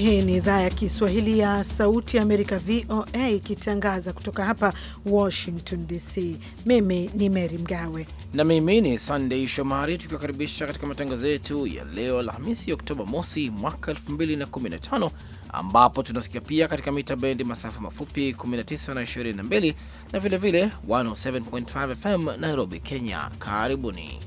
Hii ni idhaa ya Kiswahili ya Sauti ya Amerika, VOA, ikitangaza kutoka hapa Washington DC. Mimi ni Mary Mgawe na mimi ni Sandei Shomari, tukiwakaribisha katika matangazo yetu ya leo Alhamisi, Oktoba mosi mwaka 2015 ambapo tunasikia pia katika mita bendi masafa mafupi 19 na 22 na vilevile 107.5 FM Nairobi, Kenya. Karibuni.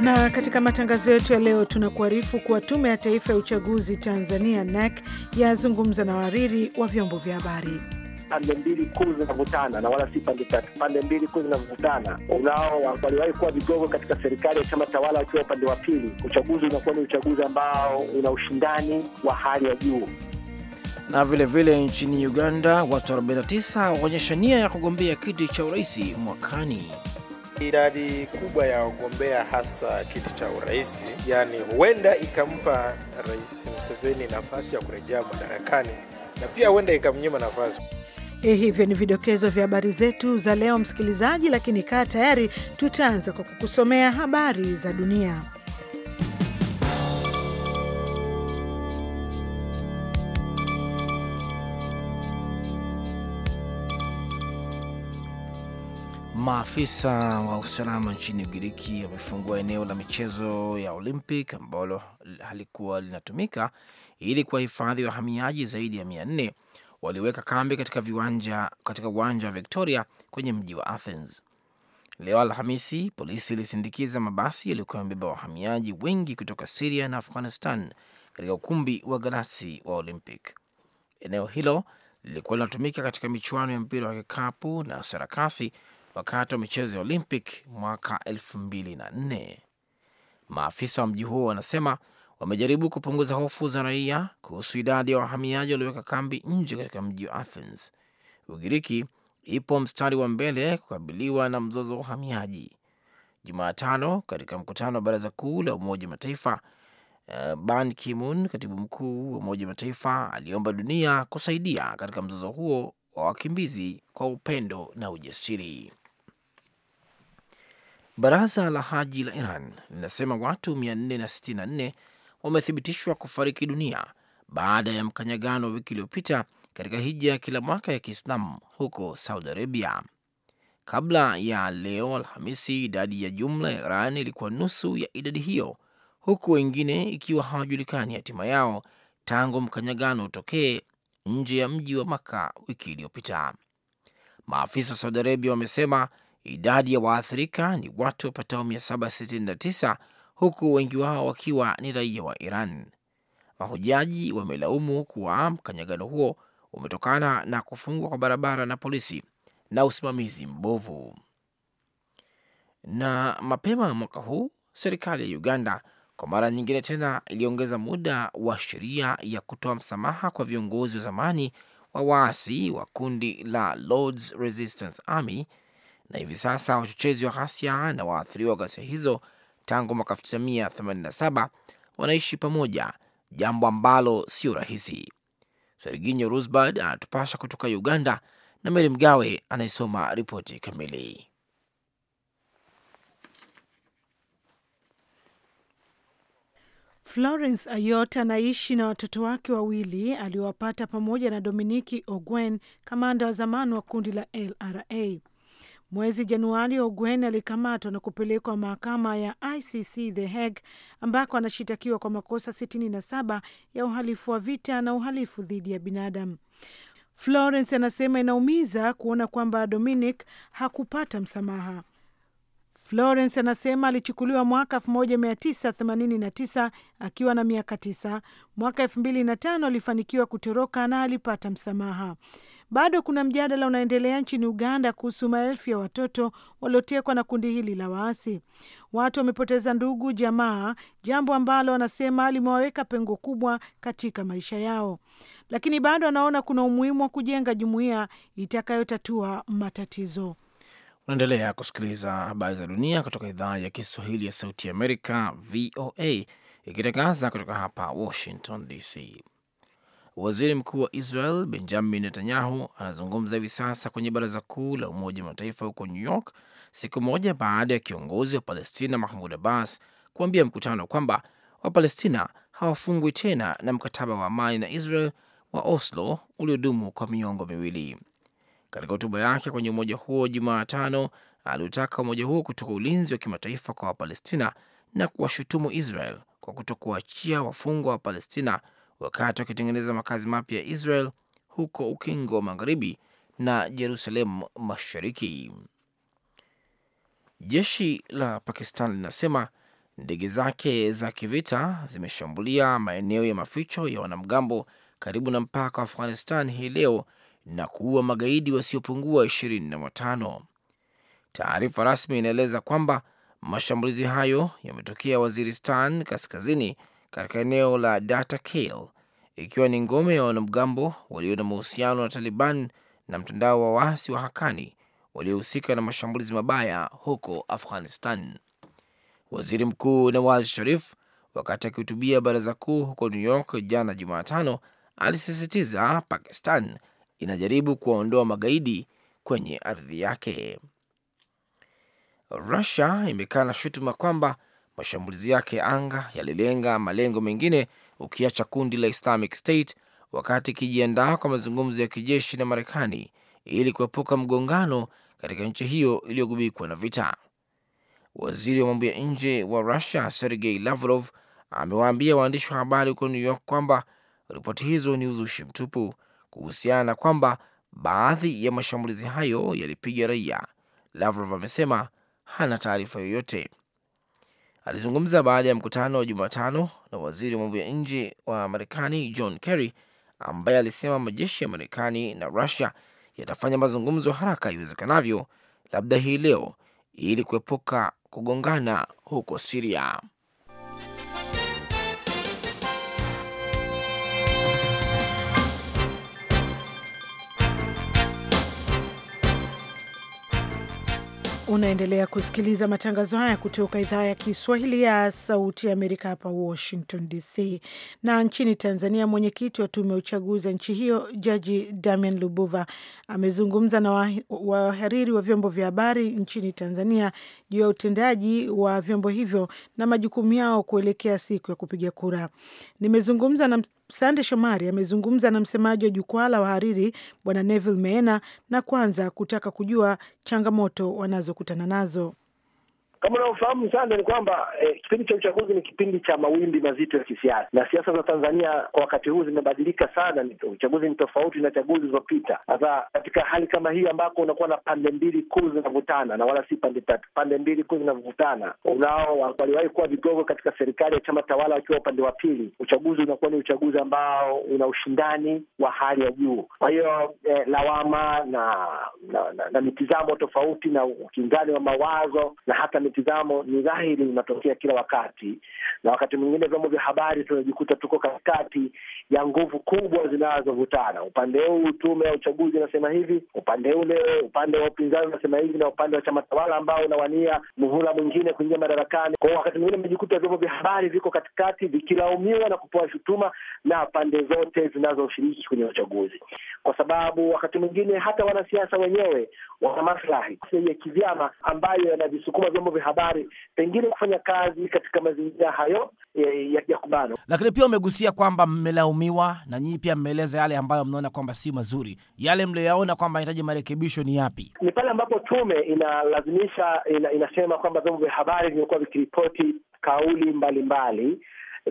Na katika matangazo yetu ya leo tunakuarifu kuwa Tume ya Taifa ya Uchaguzi Tanzania NEC yazungumza na wahariri wa vyombo vya habari. Pande mbili kuu zinavutana na wala si pande tatu. Pande mbili kuu zinavutana, unao waliwahi kuwa vigogo katika serikali ya chama tawala wakiwa upande wa pili. Uchaguzi unakuwa ni uchaguzi ambao una ushindani wa hali ya juu. Na vilevile vile nchini Uganda, watu 49 waonyesha nia ya kugombea kiti cha urais mwakani idadi kubwa ya wagombea hasa kiti cha urais, yani huenda ikampa Rais Museveni nafasi ya kurejea madarakani na pia huenda ikamnyima nafasi. Eh, hivyo ni vidokezo vya habari zetu za leo msikilizaji, lakini kaa tayari, tutaanza kwa kukusomea habari za dunia. Maafisa wa usalama nchini Ugiriki wamefungua eneo la michezo ya Olympic ambalo halikuwa linatumika ili kuwahifadhi wahamiaji zaidi ya mia nne waliweka kambi katika viwanja katika uwanja wa Victoria kwenye mji wa Athens. Leo Alhamisi, polisi ilisindikiza mabasi yaliyokuwa yamebeba wahamiaji wengi kutoka Siria na Afghanistan katika ukumbi wa galasi wa Olympic. Eneo hilo lilikuwa linatumika katika michuano ya mpira wa kikapu na sarakasi wakati wa michezo ya Olympic mwaka elfu Maafisa wa mji huo wanasema wamejaribu kupunguza hofu za raia kuhusu idadi ya wahamiaji walioweka kambi nje katika mji wa Athens. Ugiriki ipo mstari wa mbele kukabiliwa na mzozo wa uhamiaji. Jumatano, katika mkutano wa baraza kuu la Umoja wa Mataifa, eh, Ban Ki-moon, katibu mkuu wa Umoja wa Mataifa, aliomba dunia kusaidia katika mzozo huo wa wakimbizi kwa upendo na ujasiri. Baraza la Haji la Iran linasema watu 464 wamethibitishwa kufariki dunia baada ya mkanyagano wa wiki iliyopita katika hija ya kila mwaka ya Kiislamu huko Saudi Arabia. Kabla ya leo Alhamisi, idadi ya jumla ya Iran ilikuwa nusu ya idadi hiyo, huku wengine ikiwa hawajulikani hatima yao tangu mkanyagano utokee nje ya mji wa Maka wiki iliyopita. Maafisa wa Saudi Arabia wamesema Idadi ya waathirika ni watu wapatao 769 huku wengi wao wakiwa ni raia wa Iran. Mahujaji wamelaumu kuwa mkanyagano huo umetokana na kufungwa kwa barabara na polisi na usimamizi mbovu. Na mapema mwaka huu serikali ya Uganda kwa mara nyingine tena iliongeza muda wa sheria ya kutoa msamaha kwa viongozi wa zamani wa waasi wa kundi la Lords Resistance Army na hivi sasa wachochezi wa ghasia na waathiriwa wa ghasia hizo tangu mwaka 1987 wanaishi pamoja, jambo ambalo sio rahisi. Serginyo Rusbard anatupasha kutoka Uganda na Meri Mgawe anayesoma ripoti kamili. Florence Ayot anaishi na watoto wake wawili aliowapata pamoja na Dominiki Ogwen, kamanda wa zamani wa kundi la LRA. Mwezi Januari, Ogwen alikamatwa na kupelekwa mahakama ya ICC The Hague, ambako anashitakiwa kwa makosa 67 ya uhalifu wa vita na uhalifu dhidi ya binadamu. Florence anasema inaumiza kuona kwamba Dominic hakupata msamaha. Florence anasema alichukuliwa mwaka 1989 akiwa na miaka tisa. Mwaka 2005 alifanikiwa kutoroka na alipata msamaha. Bado kuna mjadala unaendelea nchini Uganda kuhusu maelfu ya watoto waliotekwa na kundi hili la waasi. Watu wamepoteza ndugu, jamaa, jambo ambalo wanasema limewaweka pengo kubwa katika maisha yao, lakini bado wanaona kuna umuhimu wa kujenga jumuiya itakayotatua matatizo. Unaendelea kusikiliza habari za dunia kutoka idhaa ya Kiswahili ya Sauti ya Amerika, VOA, ikitangaza kutoka hapa Washington DC. Waziri mkuu wa Israel Benjamin Netanyahu anazungumza hivi sasa kwenye baraza kuu la Umoja wa Mataifa huko New York, siku moja baada ya kiongozi wa Palestina Mahmud Abbas kuambia mkutano kwamba Wapalestina hawafungwi tena na mkataba wa amani na Israel wa Oslo uliodumu kwa miongo miwili. Katika hotuba yake kwenye umoja huo Jumatano, aliutaka umoja huo kutoka ulinzi wa kimataifa kwa Wapalestina na kuwashutumu Israel kwa kutokuachia wafungwa wa Palestina wakati wakitengeneza makazi mapya ya Israel huko ukingo wa magharibi na Jerusalemu mashariki. Jeshi la Pakistan linasema ndege zake za kivita zimeshambulia maeneo ya maficho ya wanamgambo karibu na mpaka wa Afghanistan hii leo na kuua magaidi wasiopungua ishirini na watano. Taarifa rasmi inaeleza kwamba mashambulizi hayo yametokea Waziristan kaskazini katika eneo la data Kale, ikiwa ni ngome ya wanamgambo walio na mahusiano na Taliban na mtandao wa waasi wa Hakani waliohusika na mashambulizi mabaya huko Afghanistan. Waziri Mkuu Nawaz Sharif, wakati akihutubia baraza kuu huko New York jana Jumatano, alisisitiza Pakistan inajaribu kuwaondoa magaidi kwenye ardhi yake. Rusia imekana shutuma kwamba mashambulizi yake ya anga yalilenga malengo mengine, ukiacha kundi la Islamic State wakati ikijiandaa kwa mazungumzo ya kijeshi na Marekani ili kuepuka mgongano katika nchi hiyo iliyogubikwa na vita. Waziri wa mambo ya nje wa Russia Sergei Lavrov amewaambia waandishi wa habari huko New York kwamba ripoti hizo ni uzushi mtupu kuhusiana na kwamba baadhi ya mashambulizi hayo yalipiga raia. Lavrov amesema hana taarifa yoyote. Alizungumza baada ya mkutano wa Jumatano na waziri wa mambo ya nje wa Marekani John Kerry ambaye alisema majeshi ya Marekani na Rusia yatafanya mazungumzo haraka iwezekanavyo, labda hii leo, ili kuepuka kugongana huko Siria. Unaendelea kusikiliza matangazo haya kutoka idhaa ya Kiswahili ya Sauti ya Amerika hapa Washington DC. Na nchini Tanzania, mwenyekiti wa tume ya uchaguzi wa nchi hiyo Jaji Damian Lubuva amezungumza na wahariri wa vyombo vya habari nchini Tanzania juu ya utendaji wa vyombo hivyo na majukumu yao kuelekea siku ya kupiga kura. Nimezungumza na Sande Shomari amezungumza na msemaji wa jukwaa la wahariri Bwana Neville Meena na kwanza kutaka kujua changamoto wanazokutana nazo. Kama unavyofahamu sana ni kwamba eh, kipindi cha uchaguzi ni kipindi cha mawimbi mazito ya kisiasa, na siasa za Tanzania kwa wakati huu zimebadilika sana. Uchaguzi ni tofauti na chaguzi zilizopita. Sasa katika hali kama hii ambako unakuwa na pande mbili kuu zinavutana na wala si pande tatu, pande mbili kuu zinavutana, unao waliwahi kuwa vigogo katika serikali ya chama tawala wakiwa upande wa pili. Uchaguzi unakuwa ni uchaguzi ambao una ushindani wa hali ya juu. Kwa hiyo eh, lawama na na, na, na mitizamo tofauti na ukinzani wa mawazo na hata mitizamo ni dhahiri inatokea kila wakati, na wakati mwingine vyombo vya habari tunajikuta tuko katikati ya nguvu kubwa zinazovutana. Upande huu tume ya uchaguzi inasema hivi, upande ule, upande wa upinzani unasema hivi, na upande wa chama tawala ambao unawania muhula mwingine kuingia madarakani. Kwa hiyo wakati mwingine mmejikuta vyombo vya habari viko katikati vikilaumiwa na kupewa shutuma na pande zote zinazoshiriki kwenye uchaguzi, kwa sababu wakati mwingine hata wanasiasa wenyewe wana maslahi ya kivyama ambayo yanavisukuma vyombo vya habari pengine kufanya kazi katika mazingira hayo ya, ya kubano. Lakini pia umegusia kwamba mmelaumiwa na nyinyi pia mmeeleza yale ambayo mnaona kwamba si mazuri, yale mlioyaona kwamba anahitaji marekebisho ni yapi? Ni pale ambapo tume inalazimisha ina, inasema kwamba vyombo vya habari vimekuwa vikiripoti kauli mbalimbali mbali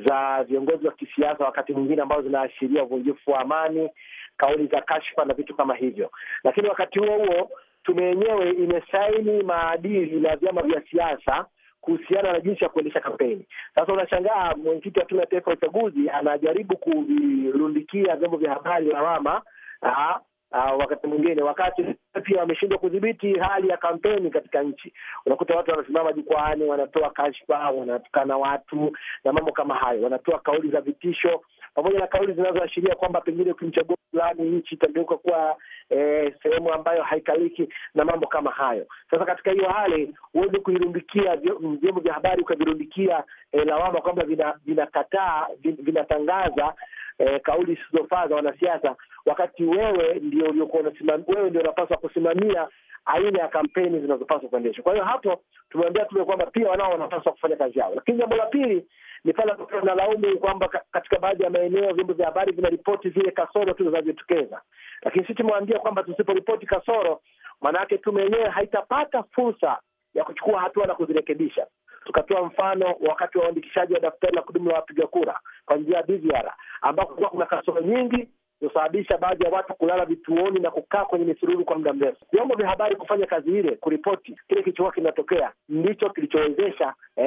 za viongozi wa kisiasa wakati mwingine ambazo zinaashiria uvunjifu wa amani, kauli za kashfa na vitu kama hivyo, lakini wakati huo huo tume yenyewe imesaini maadili na vyama vya siasa kuhusiana na jinsi ya kuendesha kampeni. Sasa unashangaa mwenyekiti wa Tume ya Taifa ya Uchaguzi anajaribu kuvirundikia vyombo vya habari lawama, ah, ah, wakati mwingine, wakati pia wameshindwa kudhibiti hali ya kampeni katika nchi. Unakuta watu wanasimama jukwaani, wanatoa kashfa, wanatukana watu na mambo kama hayo, wanatoa kauli za vitisho pamoja na kauli zinazoashiria kwamba pengine ukimchagua fulani nchi itageuka kuwa eh, sehemu ambayo haikaliki na mambo kama hayo. Sasa katika hiyo hali huwezi kuirundikia vyombo vya habari ukavirundikia eh, lawama kwamba vinakataa vina vinatangaza eh, kauli zisizofaa za wanasiasa, wakati wewe ndio uliokuwa wewe ndio unapaswa kusimamia aina ya kampeni zinazopaswa kuendeshwa. Kwa hiyo hapo tumeambia tume kwamba pia wanao wanapaswa kufanya kazi yao, lakini jambo la pili ni pale ambapo wanalaumu kwamba katika baadhi ya maeneo vyombo vya habari vinaripoti zile kasoro tu zinazojitokeza, lakini sisi tumewaambia kwamba tusiporipoti kasoro, maanake tume yenyewe haitapata fursa ya kuchukua hatua na kuzirekebisha. Tukatoa mfano wa wakati wa uandikishaji wa daftari la kudumu la wapiga kura kwa njia ya BVR ambako kulikuwa kuna kasoro nyingi kusababisha baadhi ya watu kulala vituoni na kukaa kwenye misururu kwa muda mrefu. Vyombo vya habari kufanya kazi ile, kuripoti kile kilichokuwa kinatokea, ndicho kilichowezesha e,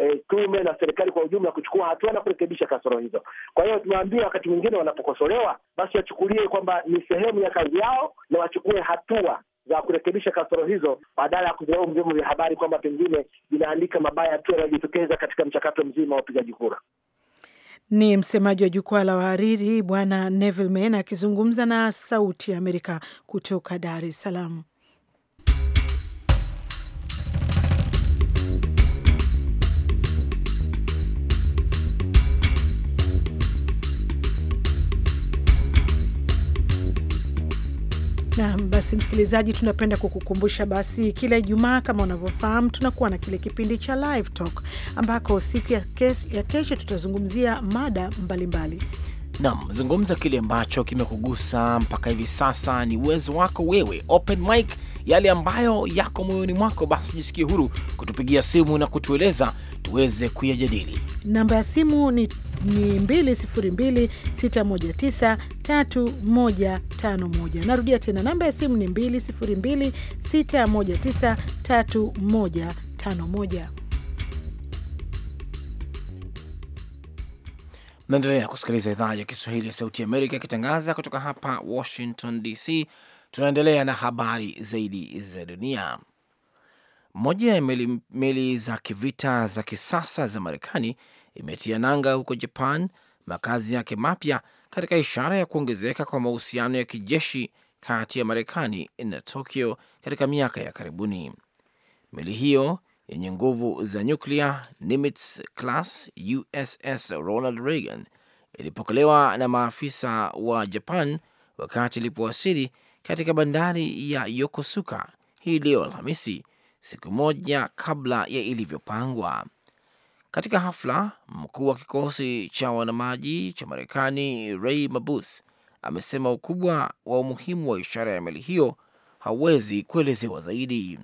e, tume na serikali kwa ujumla kuchukua hatua na kurekebisha kasoro hizo. Kwa hiyo tunaambia, wakati mwingine wanapokosolewa, basi wachukulie kwamba ni sehemu ya kazi yao na wachukue hatua za kurekebisha kasoro hizo badala ya kuvilaumu vyombo vya habari kwamba pengine vinaandika mabaya tu yanayojitokeza katika mchakato mzima wa upigaji kura. Ni msemaji wa jukwaa la wahariri Bwana Neville Mann akizungumza na Sauti ya Amerika kutoka Dar es Salaam. basi msikilizaji, tunapenda kukukumbusha basi, kila Ijumaa kama unavyofahamu, tunakuwa na kile kipindi cha Live Talk ambako siku ya, kes, ya kesho tutazungumzia mada mbalimbali. Naam, zungumza kile ambacho kimekugusa mpaka hivi sasa, ni uwezo wako wewe, open mic, yale ambayo yako moyoni mwako, basi jisikie huru kutupigia simu na kutueleza tuweze kuyajadili. Namba ya simu ni, ni 2026193151. Narudia tena namba ya simu ni 2026193151. Naendelea kusikiliza idhaa ya Kiswahili ya Sauti Amerika ikitangaza kutoka hapa Washington DC. Tunaendelea na habari zaidi za dunia. Moja ya meli, meli za kivita za kisasa za Marekani imetia nanga huko Japan, makazi yake mapya katika ishara ya kuongezeka kwa mahusiano ya kijeshi kati ya Marekani na Tokyo katika miaka ya karibuni. Meli hiyo yenye nguvu za nyuklia Nimitz class USS Ronald Reagan ilipokelewa na maafisa wa Japan wakati ilipowasili katika bandari ya Yokosuka hii leo Alhamisi siku moja kabla ya ilivyopangwa. Katika hafla, mkuu wa kikosi cha wanamaji cha Marekani Ray Mabus amesema ukubwa wa umuhimu wa ishara ya meli hiyo hauwezi kuelezewa zaidi.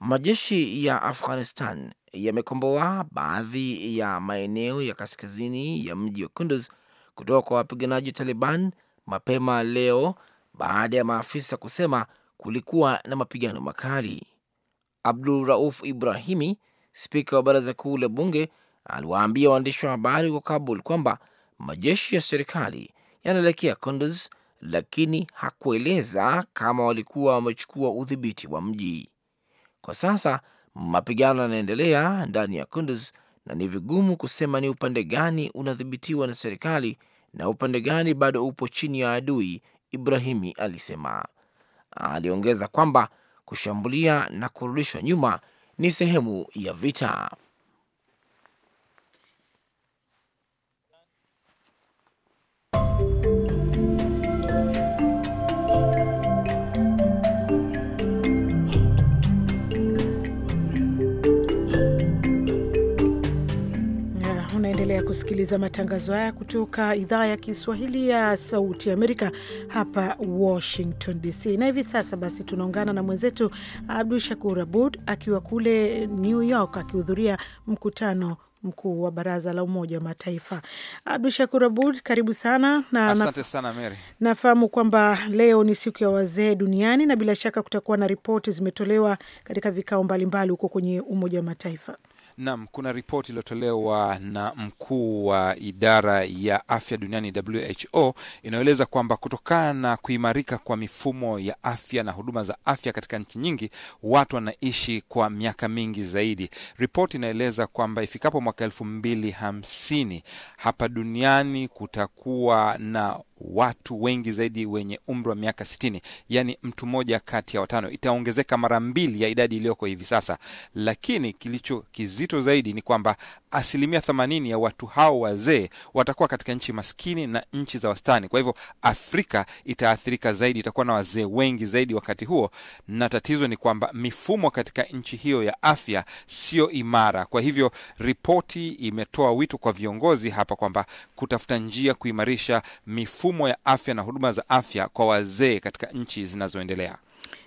Majeshi ya Afghanistan yamekomboa baadhi ya maeneo ya kaskazini ya mji wa Kunduz kutoka kwa wapiganaji wa Taliban mapema leo baada ya maafisa kusema kulikuwa na mapigano makali. Abdul Rauf Ibrahimi, spika wa baraza kuu la bunge, aliwaambia waandishi wa habari huko Kabul kwamba majeshi ya serikali yanaelekea Kunduz, lakini hakueleza kama walikuwa wamechukua udhibiti wa mji. Kwa sasa mapigano yanaendelea ndani ya Kunduz na ni vigumu kusema ni upande gani unadhibitiwa na serikali na upande gani bado upo chini ya adui, Ibrahimi alisema. Aliongeza kwamba kushambulia na kurudishwa nyuma ni sehemu ya vita. Unaendelea kusikiliza matangazo haya kutoka idhaa ya Kiswahili ya Sauti Amerika hapa Washington DC, na hivi sasa basi tunaungana na mwenzetu Abdu Shakur Abud akiwa kule New York akihudhuria mkutano mkuu wa baraza la Umoja wa Mataifa. Abdu Shakur Abud, karibu sana na asante sana Mary. Nafahamu kwamba leo ni siku ya wazee duniani na bila shaka kutakuwa na ripoti zimetolewa katika vikao mbalimbali huko kwenye Umoja wa Mataifa. Naam, kuna ripoti iliyotolewa na mkuu wa idara ya afya duniani WHO inayoeleza kwamba kutokana na kuimarika kwa mifumo ya afya na huduma za afya katika nchi nyingi, watu wanaishi kwa miaka mingi zaidi. Ripoti inaeleza kwamba ifikapo mwaka elfu mbili hamsini hapa duniani kutakuwa na watu wengi zaidi wenye umri wa miaka sitini, yaani mtu mmoja kati ya watano. Itaongezeka mara mbili ya idadi iliyoko hivi sasa, lakini kilicho kizito zaidi ni kwamba asilimia themanini ya watu hao wazee watakuwa katika nchi maskini na nchi za wastani. Kwa hivyo Afrika itaathirika zaidi, itakuwa na wazee wengi zaidi wakati huo, na tatizo ni kwamba mifumo katika nchi hiyo ya afya sio imara. Kwa hivyo ripoti imetoa wito kwa viongozi hapa kwamba kutafuta njia kuimarisha mifumo ya afya na huduma za afya kwa wazee katika nchi zinazoendelea.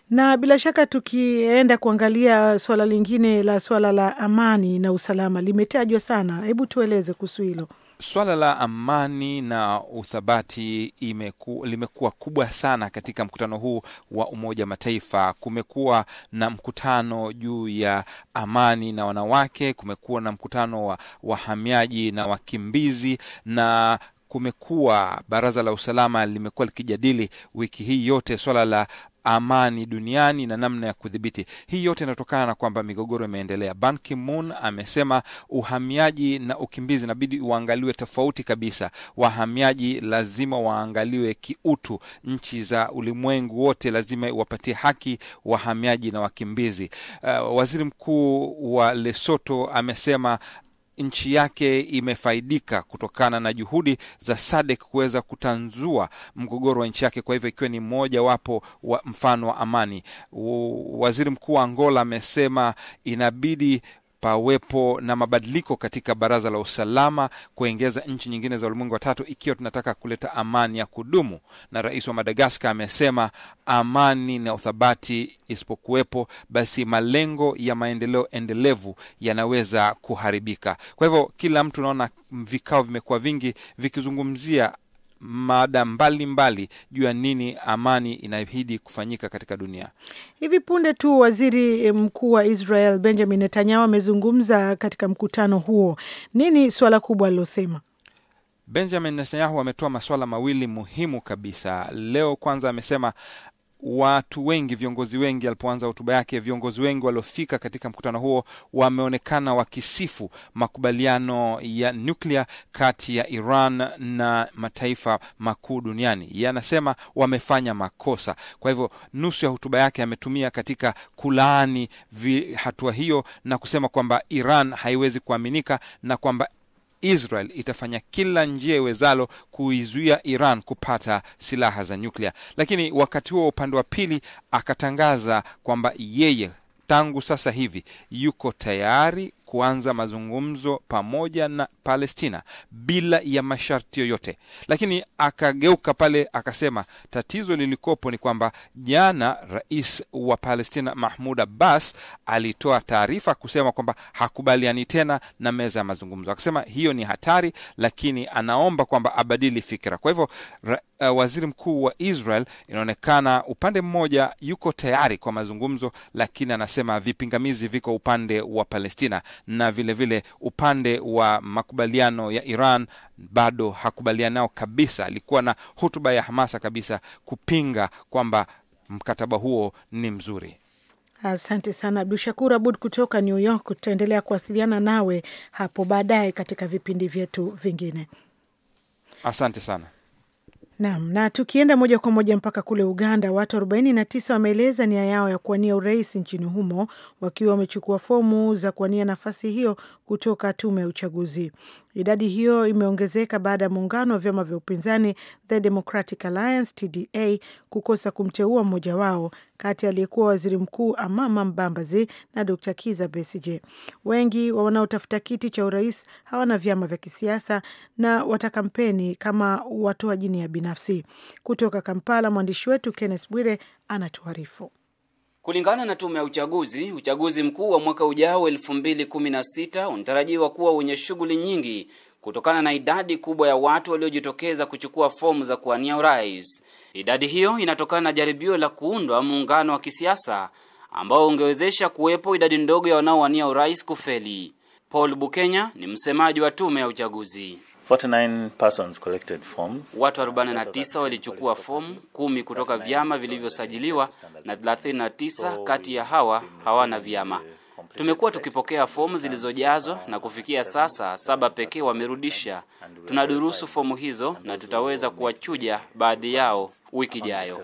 Na bila shaka tukienda kuangalia swala lingine la swala la amani na usalama limetajwa sana, hebu tueleze kuhusu hilo. Swala la amani na uthabati imeku, limekuwa kubwa sana katika mkutano huu wa Umoja wa Mataifa. Kumekuwa na mkutano juu ya amani na wanawake, kumekuwa na mkutano wa wahamiaji na wakimbizi na kumekuwa baraza la usalama limekuwa likijadili wiki hii yote swala la amani duniani na namna ya kudhibiti. Hii yote inatokana na kwamba migogoro imeendelea. Ban ki amesema uhamiaji na ukimbizi inabidi uangaliwe tofauti kabisa. Wahamiaji lazima waangaliwe kiutu. Nchi za ulimwengu wote lazima wapatie haki wahamiaji na wakimbizi. Uh, waziri mkuu wa lesoto amesema nchi yake imefaidika kutokana na juhudi za SADC kuweza kutanzua mgogoro wa nchi yake, kwa hivyo ikiwa ni mmoja wapo wa mfano wa amani. Waziri Mkuu wa Angola amesema inabidi pawepo na mabadiliko katika baraza la usalama kuengeza nchi nyingine za ulimwengu wa tatu ikiwa tunataka kuleta amani ya kudumu. Na rais wa Madagaskar amesema amani na uthabati isipokuwepo, basi malengo ya maendeleo endelevu yanaweza kuharibika. Kwa hivyo, kila mtu unaona vikao vimekuwa vingi vikizungumzia mada mbalimbali juu ya nini amani inahidi kufanyika katika dunia. Hivi punde tu waziri eh, mkuu wa Israel Benjamin Netanyahu amezungumza katika mkutano huo. Nini suala kubwa alilosema? Benjamin Netanyahu ametoa masuala mawili muhimu kabisa leo. Kwanza amesema watu wengi, viongozi wengi, alipoanza hotuba yake, viongozi wengi waliofika katika mkutano huo wameonekana wakisifu makubaliano ya nyuklia kati ya Iran na mataifa makuu duniani. Yanasema wamefanya makosa. Kwa hivyo nusu ya hotuba yake ametumia katika kulaani hatua hiyo na kusema kwamba Iran haiwezi kuaminika na kwamba Israel itafanya kila njia iwezalo kuizuia Iran kupata silaha za nyuklia. Lakini wakati huo upande wa pili akatangaza kwamba yeye tangu sasa hivi yuko tayari kuanza mazungumzo pamoja na Palestina bila ya masharti yoyote, lakini akageuka pale akasema tatizo lilikopo ni kwamba jana rais wa Palestina Mahmud Abbas alitoa taarifa kusema kwamba hakubaliani tena na meza ya mazungumzo. Akasema hiyo ni hatari, lakini anaomba kwamba abadili fikira. Kwa hivyo uh, waziri mkuu wa Israel inaonekana upande mmoja yuko tayari kwa mazungumzo, lakini anasema vipingamizi viko upande wa Palestina na vilevile vile upande wa makubaliano ya Iran bado hakubalianao kabisa. Alikuwa na hotuba ya hamasa kabisa kupinga kwamba mkataba huo ni mzuri. Asante sana Abdu Shakur Abud kutoka New York. Tutaendelea kuwasiliana nawe hapo baadaye katika vipindi vyetu vingine. Asante sana. Naam, na tukienda moja kwa moja mpaka kule Uganda, watu 49 wameeleza nia yao ya kuwania urais nchini humo wakiwa wamechukua fomu za kuwania nafasi hiyo kutoka tume ya uchaguzi. Idadi hiyo imeongezeka baada ya muungano wa vyama vya upinzani The Democratic Alliance TDA kukosa kumteua mmoja wao kati aliyekuwa waziri mkuu Amama mbambazi na Dr Kiza Besije. Wengi wa wanaotafuta kiti cha urais hawana vyama vya kisiasa na watakampeni kama watoa jini ya binafsi. Kutoka Kampala, mwandishi wetu Kenneth Bwire anatuarifu. Kulingana na tume ya uchaguzi, uchaguzi mkuu wa mwaka ujao 2016 unatarajiwa kuwa wenye shughuli nyingi kutokana na idadi kubwa ya watu waliojitokeza kuchukua fomu za kuwania urais. Idadi hiyo inatokana na jaribio la kuundwa muungano wa kisiasa ambao ungewezesha kuwepo idadi ndogo ya wanaowania urais kufeli. Paul Bukenya ni msemaji wa tume ya uchaguzi. 49 persons collected forms. Watu 49 walichukua fomu kumi kutoka vyama vilivyosajiliwa na 39 kati ya hawa hawana vyama. Tumekuwa tukipokea fomu zilizojazwa na kufikia sasa saba pekee wamerudisha. Tunadurusu fomu hizo na tutaweza kuwachuja baadhi yao wiki ijayo.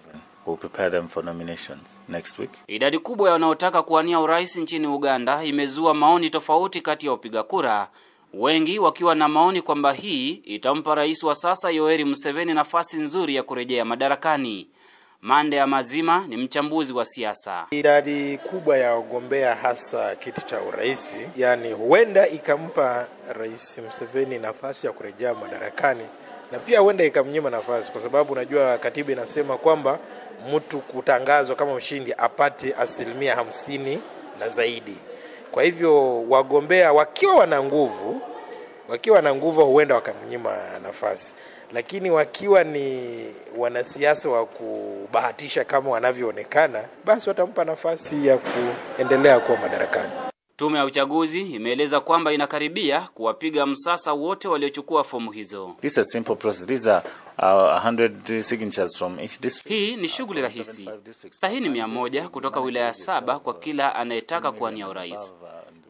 We'll prepare them for nominations next week. Idadi kubwa ya wanaotaka kuwania urais nchini Uganda imezua maoni tofauti kati ya wapiga kura wengi wakiwa na maoni kwamba hii itampa rais wa sasa Yoweri Museveni nafasi nzuri ya kurejea madarakani. Mande ya Mazima ni mchambuzi wa siasa. Idadi kubwa ya wagombea hasa kiti cha urais, yani huenda ikampa rais Museveni nafasi ya kurejea madarakani na pia huenda ikamnyima nafasi, kwa sababu unajua katiba inasema kwamba mtu kutangazwa kama mshindi apate asilimia hamsini na zaidi. Kwa hivyo wagombea wakiwa wana nguvu, wakiwa na nguvu huenda wakamnyima nafasi, lakini wakiwa ni wanasiasa wa kubahatisha kama wanavyoonekana, basi watampa nafasi ya kuendelea kuwa madarakani. Tume ya uchaguzi imeeleza kwamba inakaribia kuwapiga msasa wote waliochukua fomu hizo. This is simple process. These are 100 uh, signatures from each district. Hii ni shughuli rahisi. Sahini mia moja kutoka wilaya saba kwa kila anayetaka kuwania urais.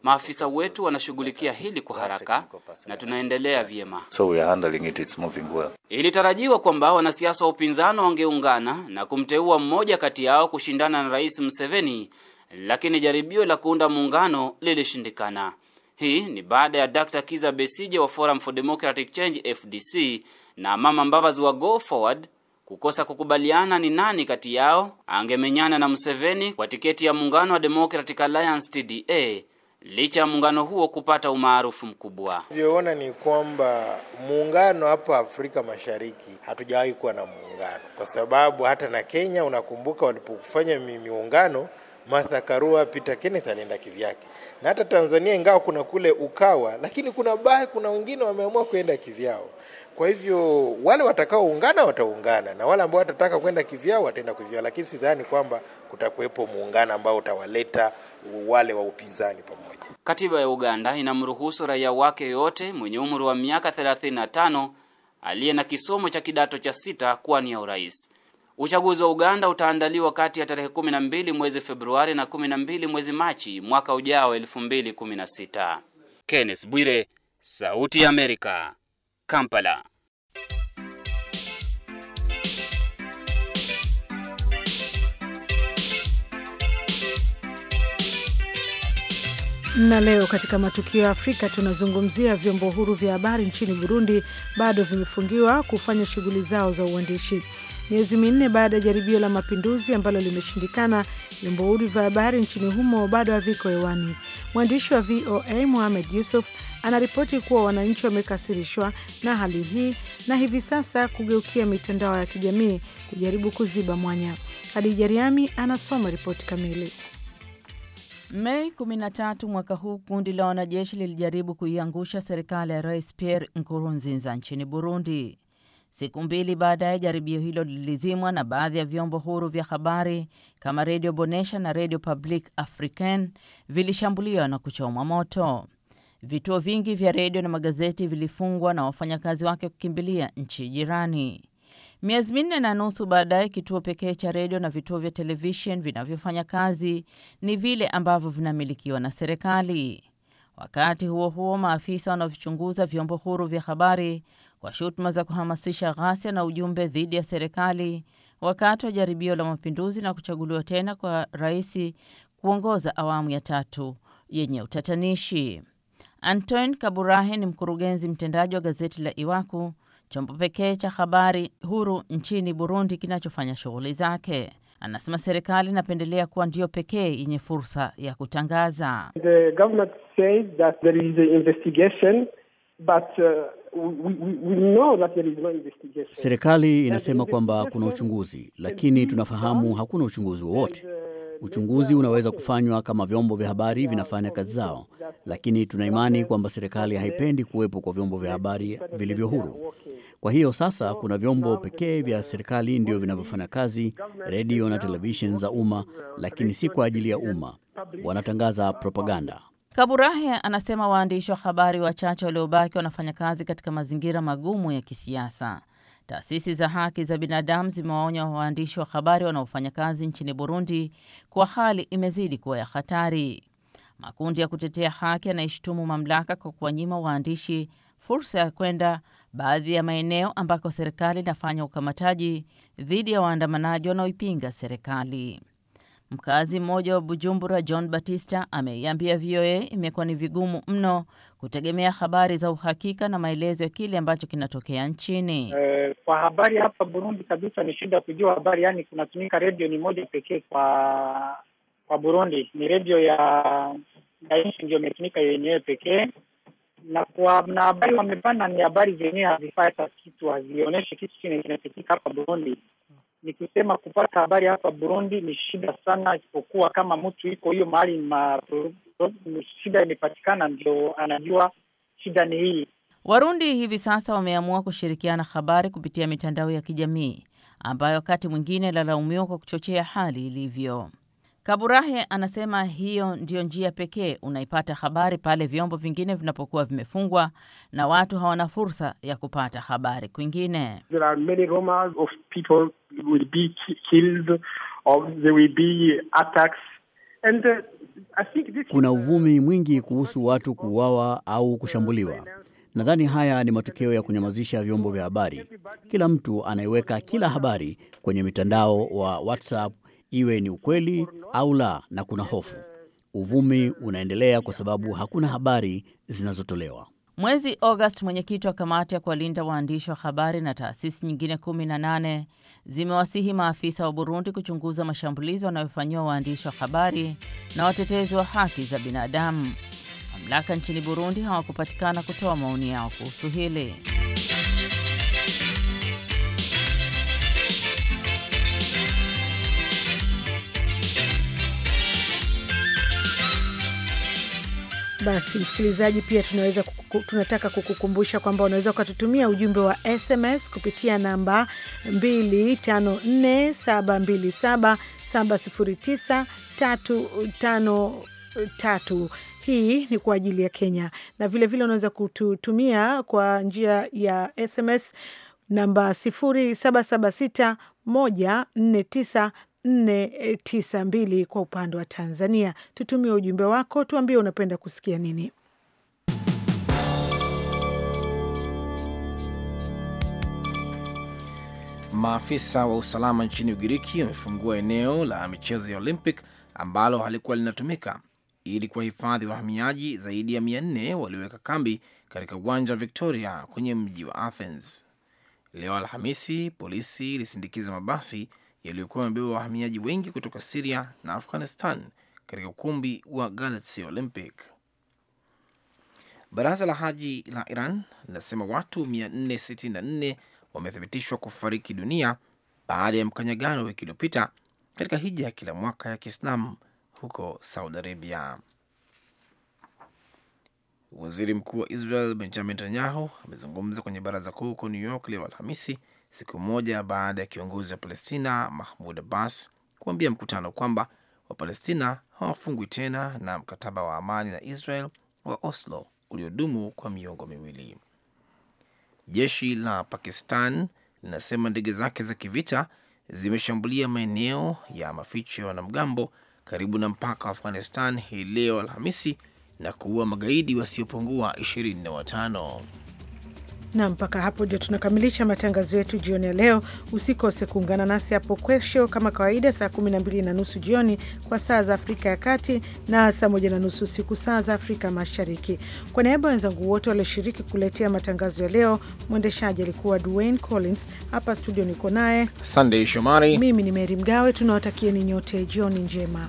Maafisa wetu wanashughulikia hili kwa haraka na tunaendelea vyema. So we are handling it, it's moving well. Ilitarajiwa kwamba wanasiasa wa upinzani wangeungana na kumteua mmoja kati yao kushindana na Rais Museveni lakini jaribio la kuunda muungano lilishindikana. Hii ni baada ya Dr. Kiza Besije wa Forum for Democratic Change FDC na Mama Mbabazi wa Go Forward kukosa kukubaliana ni nani kati yao angemenyana na Museveni kwa tiketi ya muungano wa Democratic Alliance TDA licha ya muungano huo kupata umaarufu mkubwa. Vyoona ni kwamba muungano hapa Afrika Mashariki hatujawahi kuwa na muungano, kwa sababu hata na Kenya unakumbuka walipokufanya miungano Martha Karua, Peter Kenneth anaenda kivyake, na hata Tanzania ingawa kuna kule Ukawa, lakini kuna baadhi, kuna wengine wameamua kuenda kivyao. Kwa hivyo wale watakaoungana wataungana na wale ambao watataka kwenda kivyao wataenda kivyao, lakini sidhani kwamba kutakuwepo muungano ambao utawaleta wale wa upinzani pamoja. Katiba ya Uganda inamruhusu raia wake yote mwenye umri wa miaka 35 aliye na kisomo cha kidato cha sita kuwania urais. Uchaguzi wa Uganda utaandaliwa kati ya tarehe 12 mwezi Februari na 12 mwezi Machi mwaka ujao 2016. Kenneth Bwire, Sauti ya Amerika, Kampala. Na leo katika matukio ya Afrika tunazungumzia vyombo huru vya habari nchini Burundi bado vimefungiwa kufanya shughuli zao za uandishi miezi minne baada ya jaribio la mapinduzi ambalo limeshindikana. Vyombo huru vya habari nchini humo bado haviko hewani. Mwandishi wa VOA muhamed Yusuf anaripoti kuwa wananchi wamekasirishwa na hali hii na hivi sasa kugeukia mitandao ya kijamii kujaribu kuziba mwanya. Hadija Riami anasoma ripoti kamili. Mei 13 mwaka huu kundi la wanajeshi lilijaribu kuiangusha serikali ya Rais Pierre Nkurunziza nchini Burundi. Siku mbili baadaye jaribio hilo lilizimwa na baadhi ya vyombo huru vya habari kama Radio Bonesha na Radio Public African vilishambuliwa na kuchomwa moto. Vituo vingi vya redio na magazeti vilifungwa na wafanyakazi wake kukimbilia nchi jirani. Miezi minne na nusu baadaye, kituo pekee cha redio na vituo vya televishen vinavyofanya kazi ni vile ambavyo vinamilikiwa na serikali. Wakati huo huo, maafisa wanaovichunguza vyombo huru vya habari kwa shutuma za kuhamasisha ghasia na ujumbe dhidi ya serikali wakati wa jaribio la mapinduzi na kuchaguliwa tena kwa rais kuongoza awamu ya tatu yenye utatanishi. Antoine Kaburahe ni mkurugenzi mtendaji wa gazeti la Iwaku, chombo pekee cha habari huru nchini Burundi kinachofanya shughuli zake. Anasema serikali inapendelea kuwa ndiyo pekee yenye fursa ya kutangaza. The government says that there is an investigation but uh... Serikali inasema kwamba kuna uchunguzi, lakini tunafahamu hakuna uchunguzi wowote. Uh, uchunguzi unaweza kufanywa kama vyombo vya habari vinafanya kazi zao, lakini tuna imani kwamba serikali haipendi kuwepo kwa vyombo vya habari vilivyo huru. Kwa hiyo sasa kuna vyombo pekee vya serikali ndio vinavyofanya kazi, redio na televisheni za umma, lakini si kwa ajili ya umma, wanatangaza propaganda. Kaburahe anasema waandishi wa habari wachache waliobaki wanafanya kazi katika mazingira magumu ya kisiasa. Taasisi za haki za binadamu zimewaonya waandishi wa habari wanaofanya kazi nchini Burundi kuwa hali imezidi kuwa ya hatari. Makundi ya kutetea haki yanaishutumu mamlaka kwa kuwanyima waandishi fursa ya kwenda baadhi ya maeneo ambako serikali inafanya ukamataji dhidi ya waandamanaji wanaoipinga serikali. Mkazi mmoja wa Bujumbura, John Batista, ameiambia VOA imekuwa ni vigumu mno kutegemea habari za uhakika na maelezo ya kile ambacho kinatokea nchini. E, kwa habari hapa Burundi kabisa ni shida kujua habari, yaani kunatumika redio ni moja pekee kwa kwa Burundi, ni redio ya, ya nchi ndio imetumika yenyewe pekee na kwa na habari wamepanda ni habari zenyewe hazifai hata kitu, hazionyeshi kitu kinapitika hapa Burundi ni kusema kupata habari hapa Burundi ni shida sana, isipokuwa kama mtu iko hiyo mahali ma, shida imepatikana ndio anajua shida ni hii. Warundi hivi sasa wameamua kushirikiana habari kupitia mitandao ya kijamii ambayo wakati mwingine lalaumiwa kwa kuchochea hali ilivyo. Kaburahe anasema hiyo ndiyo njia pekee unaipata habari pale vyombo vingine vinapokuwa vimefungwa na watu hawana fursa ya kupata habari kwingine. Uh, kuna uvumi mwingi kuhusu watu kuuawa au kushambuliwa. Nadhani haya ni matokeo ya kunyamazisha vyombo vya habari. Kila mtu anaiweka kila habari kwenye mitandao wa WhatsApp iwe ni ukweli au la, na kuna hofu. Uvumi unaendelea kwa sababu hakuna habari zinazotolewa. Mwezi Agosti, mwenyekiti wa kamati ya kuwalinda waandishi wa habari na taasisi nyingine 18 zimewasihi maafisa wa Burundi kuchunguza mashambulizi wanayofanyiwa waandishi wa habari na watetezi wa haki za binadamu. Mamlaka nchini Burundi hawakupatikana kutoa maoni yao kuhusu hili. Basi msikilizaji, pia tunaweza kuku, tunataka kukukumbusha kwamba unaweza ukatutumia ujumbe wa SMS kupitia namba 254727709353. Hii ni kwa ajili ya Kenya, na vilevile unaweza kututumia kwa njia ya SMS namba 07761495 492 eh, kwa upande wa Tanzania. Tutumie ujumbe wako, tuambie unapenda kusikia nini. Maafisa wa usalama nchini Ugiriki wamefungua eneo la michezo ya Olympic ambalo halikuwa linatumika ili kuwahifadhi wahamiaji zaidi ya 4 walioweka kambi katika uwanja wa Victoria kwenye mji wa Athens. Leo Alhamisi, polisi ilisindikiza mabasi yaliyokuwa yamebeba wahamiaji wengi kutoka Siria na Afghanistan katika ukumbi wa Galaxy Olympic. Baraza la Haji la Iran linasema watu 464 wamethibitishwa kufariki dunia baada ya mkanyagano wiki iliyopita katika hija ya kila mwaka ya Kiislamu huko Saudi Arabia. Waziri mkuu wa Israel Benjamin Netanyahu amezungumza kwenye baraza kuu huko New York leo Alhamisi, siku moja baada ya kiongozi wa Palestina Mahmud Abbas kuambia mkutano kwamba Wapalestina hawafungwi tena na mkataba wa amani na Israel wa Oslo uliodumu kwa miongo miwili. Jeshi la Pakistan linasema ndege zake za kivita zimeshambulia maeneo ya maficho ya wanamgambo karibu na mpaka wa Afghanistan hii leo Alhamisi na kuua magaidi wasiopungua 25. Na mpaka hapo ndio tunakamilisha matangazo yetu jioni ya leo. Usikose kuungana nasi hapo kesho kama kawaida, saa 12 na nusu jioni kwa saa za Afrika ya Kati na saa 1 na nusu usiku saa za Afrika Mashariki. Kwa niaba ya wenzangu wote walioshiriki kuletea matangazo ya leo, mwendeshaji alikuwa Dwayne Collins, hapa studio niko naye Sandey Shomari, mimi ni meri Mgawe. Tunawatakieni nyote jioni njema.